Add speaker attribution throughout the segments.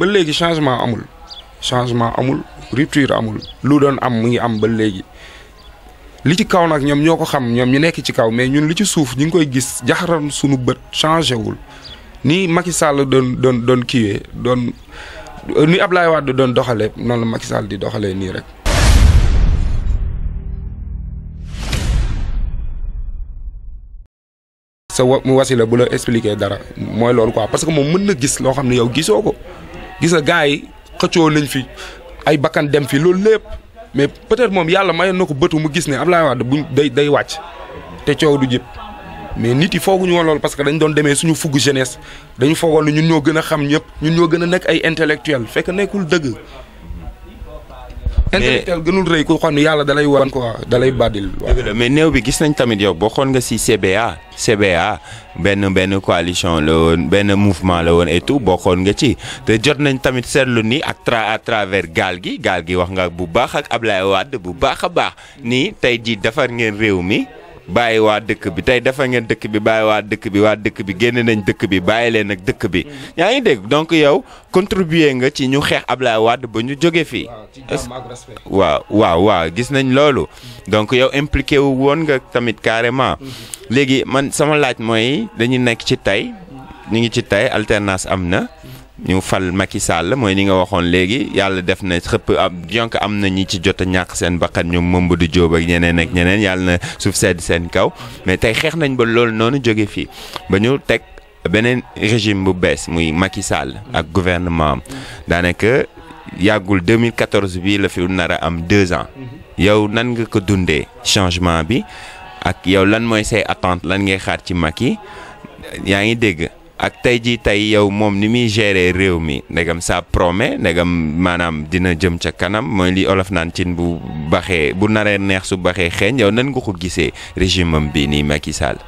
Speaker 1: ba léegi changement amul changement amul rupture amul lu doon am mu ngi am ba léegi li ci kaw nag ñoom ñoo ko xam ñoom ñu nekk ci kaw mais ñun li ci suuf ñu ngi koy gis jaxaran suñu bët changé wul ni Macky Sall doon doon doon kiiwee doon ni Ablaye Wade doon doxalee noonu la Macky Sall di doxalee nii rek. sa wasila bu la expliquer dara mooy loolu quoi parce que moom mën na gis loo xam ne yow gisoo ko. gis nga gars yi xëccoo nañ fi ay bakkan dem fi loolu lépp mais peut-être moom yàlla mayoon na ko bëtu mu gis ne Abdoulaye Wade buñ day day wàcc te coow du jëpp mais nit yi fooguñu woon loolu parce que dañ doon demee suñu fugg jeunesse dañu foogoon ne ñun ñoo gën a xam ñëpp ñun ñoo gën a nekk ay intellectuel fekk nekkul dëgg
Speaker 2: intellectuel gënul yàlla dalay wan quoi dalay bàddil. mais néew bi gis nañ tamit yow boo xoon nga si CBA. CBA benn benn coalition la woon benn mouvement la woon et tout bokkoon nga ci te jot nañ tamit seetlu ni ak tra à travers gaal gi gaal gi wax nga bu baax ak Ablaye Wade bu baax a baax ni tey jii defar ngeen réew mi. bàyyi waa dëkk bi tey dafa ngeen dëkk bi bàyyi waa dëkk bi waa dëkk bi génne nañ dëkk bi bàyyi leen ak dëkk bi. yaa ngi dégg donc yow contribuer nga ci ñu xeex Ablaye Wade ba ñu jóge fii. waaw waaw waa gis nañ loolu. donc yow impliqué wu woon nga tamit carrément. Mhm. léegi man sama laaj mooy dañu nekk ci tey. ñu ngi ci tey alternance am na. ñu fal Macky Sall mooy ni nga waxoon léegi yàlla def na xëpp ab jonk am na ñi ci jot a ñàkk seen bakkan ñoom Mamadou Diop ak ñeneen ak ñeneen yàlla na suuf sedd seen kaw mais tey xeex nañ ba loolu noonu jóge fii ba ñu teg beneen régime bu bees muy Macky Sall ak gouvernement daanaka yàggul 2014 bii la fi nar a am deux ans yow nan nga ko dundee changement bi ak yow lan mooy say attente lan ngay xaar ci Macky yaa ngi dégg. ak tey jii tey yow moom ni muy gérer réew mi ndegam ça promet ndegam maanaam dina jëm ca kanam mooy li olof naan cin bu baxee bu naree neex su baxee xeeñ yow nan nga ko gisee régime bi nii Macky saal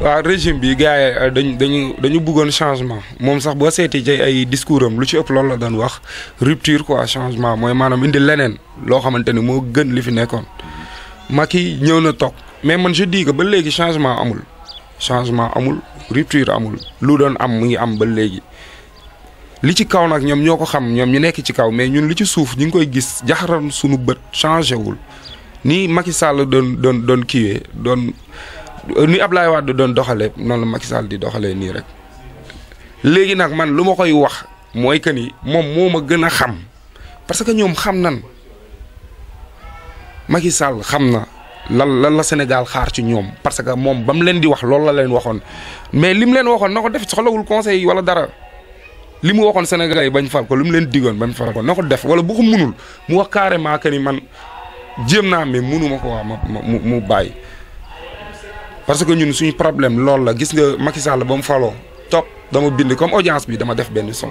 Speaker 1: waaw régime bi gars yi euh, dañu dañu buggoon changement moom sax boo seetee ci ay discours lu ci ëpp loolu la doon wax ko quoi changement mooy maanaam indi leneen loo xamante ni moo gën li fi nekkoon Macky ñëw na toog mais man je dis que ba léegi changement amul changement amul. rupture amul lu doon am mu ngi am ba léegi li ci kaw nag ñoom ñoo ko xam ñoom ñu nekk ci kaw mais ñun li ci suuf ñu ngi koy gis jaxaran suñu bët changé wul ni Macky Sall doon doon doon kiiwee doon ni wax Wade doon doxalee noonu la Macky Sall di doxalee nii rek. léegi nag man lu ma koy wax mooy que ni moom moo ma gën a xam parce que ñoom xam nan Macky Sall xam na. lan lan la Sénégal xaar ci ñoom parce que moom ba mu leen di wax loolu la leen waxoon mais li mu leen waxoon na ko def soxlawul conseil yi wala dara li mu waxoon Sénégal yi bañ fal ko li mu leen digoon bañ fal ko na ko def wala bu ko munul mu wax carrément que ni man jéem naa mais munu ma ko waa ma mu mu bàyyi. parce que ñun suñu problème loolu la gis nga Macky Sall ba mu faloo topp dama bind comme audience bi dama def benn son.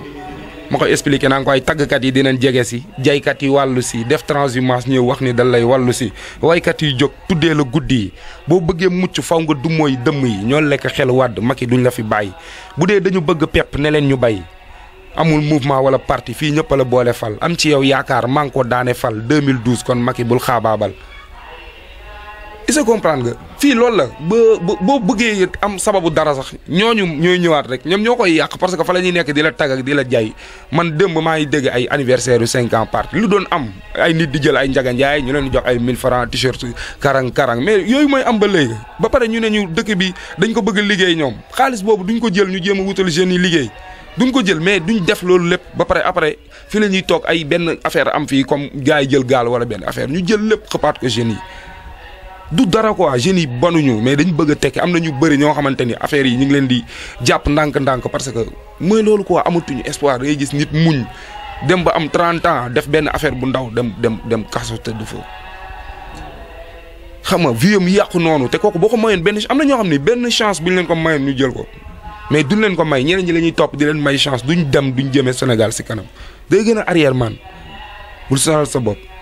Speaker 1: ma koy expliqué naa ko ay tàggkat yi dinañ jege si jaykat yi wàllu si def transhumance ñëw wax ni dal lay wàllu si waykat yi jóg tuddee la guddi yi boo bëggee mucc faw nga du dëmm yi ñoo lekk xel wàdd maki duñ la fi bàyyi bu dee dañu bëgg pepp ne leen ñu bay amul mouvement wala parti fii ñëpp la boole fal am ci yow yaakaar maa ngi ko daane fal 2012 kon maki bul xaabaabal isa ce ga? comprendre nga fii loolu la ba bo bëggee am sababu dara sax ñooñu ñooy ñëwaat rek ñoom ñoo koy yàq parce que fa la ñuy nekk di la tag ak di la jaay man démb maa ngi dégg ay anniversaire yu ans lu doon am ay nit di jël ay njaganjaay ñu leen jox ay mille francs t-shirt karang karang mais yooyu mooy am ba léegi ba pare ñu ne ñu dëkk bi dañ ko bëgg liggéey ñoom xaalis boobu duñ ko jël ñu jéem a wutal jeunes yi liggéey duñ ko jël mais duñ def loolu lépp ba pare après fi la ñuy toog ay benn affaire am fii comme gars yi jël gaal wala benn affaire ñu jël lépp xëpaat ko jeunes yi du dara quoi jeunes yi banuñu mais dañu bëgg a tekki am na ñu bëri ñoo xamante ni affaire yi ñu ngi leen di jàpp ndànk-ndànk parce que mooy loolu quoi amatuñu espoir da ngay gis nit muñ dem ba am 30 ans def benn affaire bu ndaw dem dem dem te du fa. xam nga vie am yàqu noonu te kooku boo ko mayoon benn am na ñoo xam ne benn chance bi ñu leen ko mayoon ñu jël ko mais duñ leen ko may ñeneen ñi la ñuy topp di leen may chance duñ dem duñ jëmee Sénégal si kanam day gën a arrière man bul sonal sa bopp.